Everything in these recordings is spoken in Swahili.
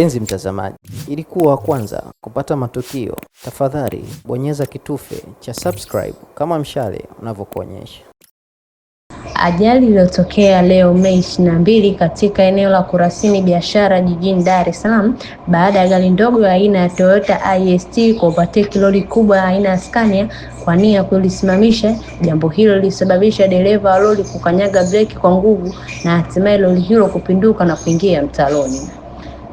Mpenzi mtazamaji, ili kuwa wa kwanza kupata matukio, tafadhali bonyeza kitufe cha subscribe kama mshale unavyokuonyesha. Ajali iliyotokea leo Mei mbili katika eneo la Kurasini biashara jijini Dar es Salaam baada ya gari ndogo ya aina ya Toyota IST kuovateki lori kubwa aina ya Scania kwa nia ya kulisimamisha. Jambo hilo lilisababisha dereva wa lori kukanyaga breki kwa nguvu na hatimaye lori hilo kupinduka na kuingia mtaloni.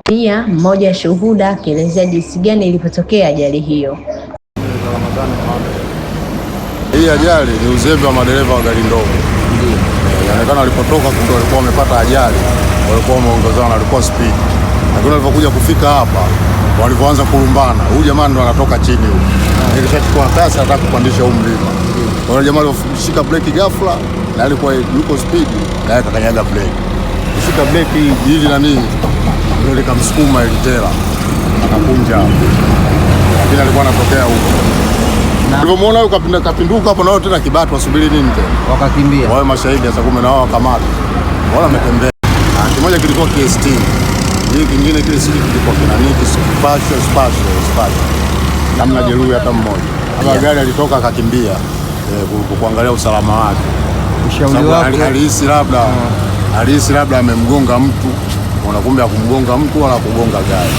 Pia mmoja ya shuhuda akielezea jinsi gani ilivyotokea ajali hiyo. Hii ajali ni uzembe wa madereva wa gari ndogo. Inaonekana walipotoka kundi walikuwa wamepata ajali, walikuwa wameongozana, walikuwa speed, lakini walipokuja kufika hapa walivyoanza kulumbana, huyu jamaa ndo anatoka chini huyu, ilishachukua kasi anataka kupandisha huu mlima. Kwa hiyo jamaa alishika breki ghafla, na alikuwa yuko speed, naye akakanyaga breki, kushika breki na nini ndio likamsukuma Elitela akakunja, lakini alikuwa anatokea huko Nilipomwona huyo kapinda kapinduka hapo nao tena Kibatu wasubiri nini tena? Wakakimbia. Wao mashahidi sasa kumbe nao wakamata. Wala wametembea. Ah, kimoja kilikuwa KST. Hii kingine kile siji kilikuwa kina nini? spasho spasho, Namna jeruhi hata mmoja. Kama gari alitoka akakimbia eh, kuangalia usalama wake. Ushauri wako alihisi eh? labda mm. alihisi labda amemgonga mtu unaona kumbe kumgonga mtu wala kugonga gari.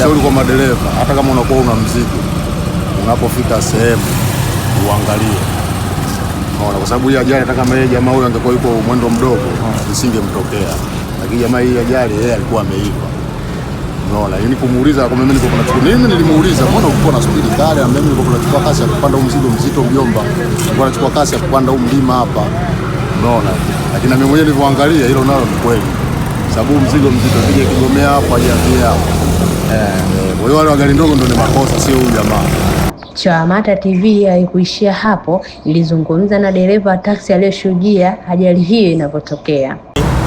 Shauri kwa madereva, hata kama unakuwa una mzigo, unapofika sehemu uangalie, unaona, kwa sababu hii ajali, hata kama yeye jamaa huyo angekuwa yuko mwendo mdogo isingemtokea, lakini jamaa hii ajali, yeye alikuwa ameiva Unaona, yeye kumuuliza kwa mimi niko nachukua Mimi nilimuuliza mbona uko na spidi kali, na mimi niko nachukua kasi ya kupanda huu mzigo mzito mjomba, niko nachukua kasi ya kupanda huu mlima hapa, unaona. Lakini na mimi mwenyewe nilivyoangalia hilo nalo ni kweli sababu mzigo mzito kija Kigomea kwa ajili yao. Eh, kwa hiyo wale wa gari ndogo ndio ni makosa, sio huyu jamaa. CHAWAMATA TV haikuishia hapo, ilizungumza na dereva wa taksi aliyoshuhudia ajali hiyo inavyotokea.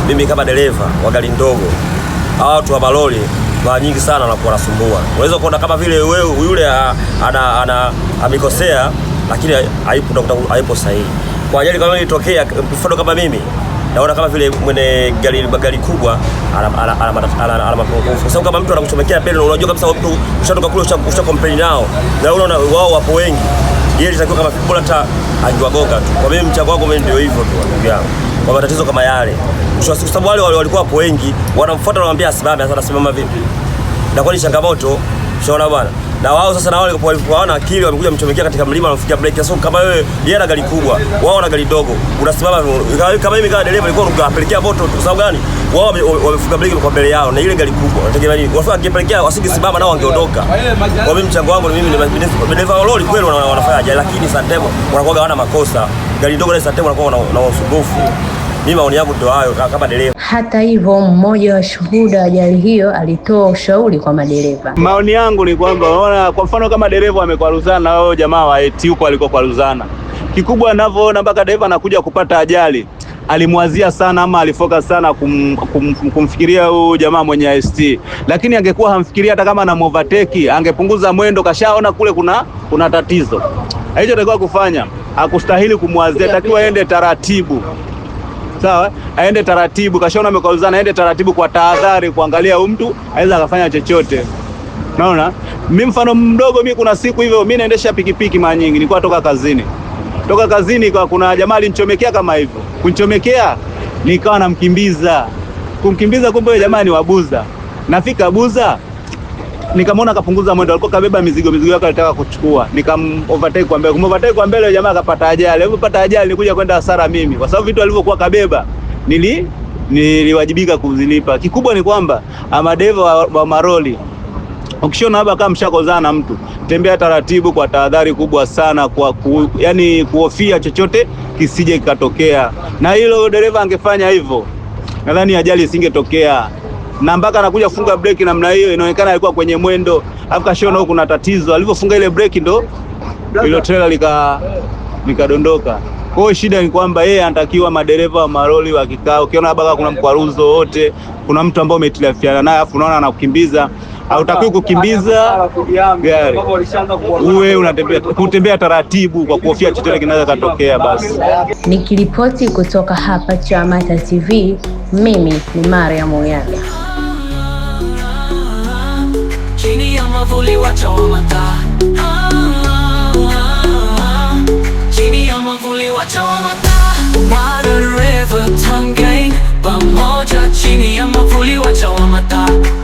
Mimi kama dereva wa gari ndogo, hawa watu wa malori mara nyingi sana wanakuwa wanasumbua. Unaweza kuona kama vile wewe yule ana amekosea, lakini haipo sahihi. Kwa ajali kama ilitokea, mfano kama mimi naona kama vile mwenye gari gari kubwa ala pungufu, sababu kama mtu anakuchomekea pele, na unajua kabisa mtu ushatoka kule, usha compare nao na unaona wao wapo wengi, yeye litakiwa kama bora hata angewagonga tu. Kwa mimi mchango wangu mimi ndio hivyo tu, ndugu yangu, kwa matatizo kama yale, kwa sababu wale wale walikuwa wapo wengi, wanamfuata, wanamwambia asimame, sasa anasimama vipi? Na kwa ni changamoto, shaona bwana na wao sasa, na wao walipoona akili wamekuja mchomekea katika mlima, wanafikia break. So kama wewe yeye ana gari kubwa, wao na gari dogo, unasimama kama mimi kama dereva nilikuwa nikapelekea moto. Kwa sababu gani? Wao wamefunga break kwa mbele yao, na ile gari kubwa wanategemea nini? Wafaa kipelekea wasingesimama, nao wangeondoka. Kwa mimi mchango wangu ni mimi ni dereva wa lori kweli, wanafanya wanafanyaje, lakini santemo wanakuwa hawana makosa. Gari dogo na santemo wanakuwa na usumbufu mimi maoni yangu ndio hayo kama dereva. Hata hivyo, mmoja wa shuhuda wa ajali hiyo alitoa ushauri kwa madereva. Maoni yangu ni kwamba unaona, kwa mfano kama dereva amekwaruzana na wao jamaa wa eti huko alikokwaruzana, kikubwa anavyoona mpaka dereva anakuja kupata ajali alimwazia sana ama alifoka sana kum, kum, kumfikiria huyu jamaa mwenye ST, lakini angekuwa hamfikiria hata kama na overtake angepunguza mwendo, kashaona kule kuna kuna tatizo. Hicho atakiwa kufanya, akustahili kumwazia, takiwa ende taratibu sawa, aende taratibu. Kashaona amekwazana, aende taratibu kwa tahadhari, kuangalia huyu mtu aweza akafanya chochote. Unaona, mimi mfano mdogo, mimi kuna siku hivyo, mimi naendesha pikipiki mara nyingi, nilikuwa toka kazini, toka kazini kwa kuna jamaa alinichomekea kama hivyo, kunichomekea nikawa namkimbiza, kumkimbiza, kumbe jamaa ni wabuza, nafika Buza nikamwona akapunguza mwendo, alikuwa kabeba mizigo mizigo yake alitaka kuchukua, nikam overtake kwa mbele, kumovertake kwa mbele, jamaa akapata ajali. Alipopata ajali nikuja kwenda hasara mimi, kwa sababu vitu alivyokuwa kabeba nili niliwajibika kuzilipa. Kikubwa ni kwamba amadeva wa, wa maroli ukishona hapa kama mshakozana mtu, tembea taratibu kwa tahadhari kubwa sana kwa ku, yani kuhofia chochote kisije kikatokea, na hilo dereva angefanya hivyo, nadhani ajali isingetokea na mpaka anakuja kufunga breki namna hiyo, inaonekana alikuwa kwenye mwendo, alafu kashona huko kuna tatizo. Alivyofunga ile breki ndo hilo trailer lika likadondoka. Kwa hiyo shida ni kwamba yeye anatakiwa madereva wa maroli wakikaa, ukiona baba kuna mkwaruzo wote, kuna mtu ambaye umetilafiana naye afu unaona anakukimbiza, hautakiwi kukimbiza gari, uwe unatembea kutembea taratibu kwa kuhofia chochote kinaweza katokea. Basi nikiripoti kutoka hapa Chama cha TV, mimi ni Maria Uyanda. Wana ah, River Tang pamoja chini ya mwavuli wa Chawamata